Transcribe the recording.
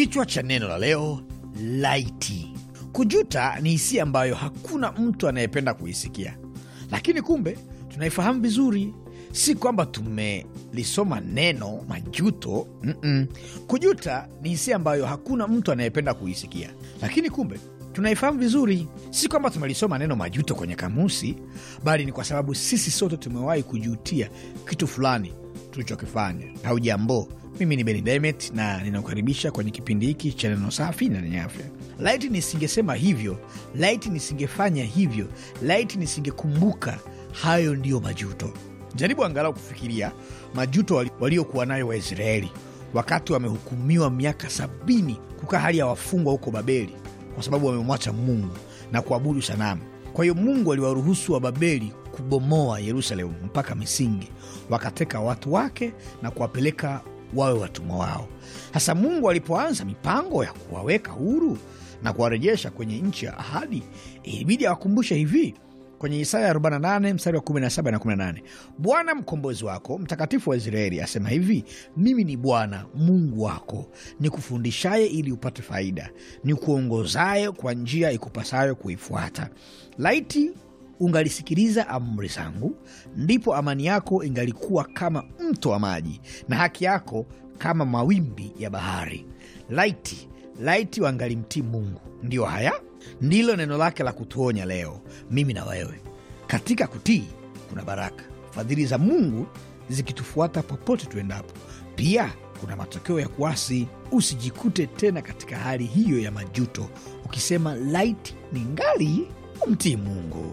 Kichwa cha neno la leo laiti. Kujuta ni hisia ambayo hakuna mtu anayependa kuisikia, lakini kumbe tunaifahamu vizuri. Si kwamba tumelisoma neno majuto. mm -mm. Kujuta ni hisia ambayo hakuna mtu anayependa kuisikia, lakini kumbe tunaifahamu vizuri. Si kwamba tumelisoma neno majuto kwenye kamusi, bali ni kwa sababu sisi sote tumewahi kujutia kitu fulani tulichokifanya. Haujambo, mimi ni Beni Demet na ninakukaribisha kwenye kipindi hiki cha neno safi na lenye afya. Laiti nisingesema hivyo, laiti nisingefanya hivyo, laiti nisingekumbuka hayo ndiyo majuto. Jaribu angalau kufikiria majuto waliokuwa nayo Waisraeli wakati wamehukumiwa miaka sabini kukaa hali ya wafungwa huko Babeli kwa sababu wamemwacha Mungu na kuabudu sanamu. Kwa hiyo Mungu aliwaruhusu wa Babeli kubomoa Yerusalemu mpaka misingi, wakateka watu wake na kuwapeleka wawe watumwa wao. Sasa Mungu alipoanza mipango ya kuwaweka huru na kuwarejesha kwenye nchi ya ahadi, ilibidi awakumbushe hivi kwenye Isaya 48 mstari wa 17 na 18, Bwana mkombozi wako mtakatifu wa Israeli asema hivi: mimi ni Bwana Mungu wako nikufundishaye ili upate faida, nikuongozaye kwa njia ikupasayo kuifuata. Laiti ungalisikiliza amri zangu, ndipo amani yako ingalikuwa kama mto wa maji na haki yako kama mawimbi ya bahari. Laiti, laiti wangalimtii Mungu. Ndiyo haya ndilo neno lake la kutuonya leo, mimi na wewe. Katika kutii kuna baraka, fadhili za Mungu zikitufuata popote tuendapo. Pia kuna matokeo ya kuasi. Usijikute tena katika hali hiyo ya majuto, ukisema laiti ningali umtii Mungu